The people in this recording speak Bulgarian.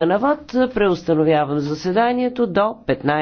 на ВАД преустановявам заседанието до 15.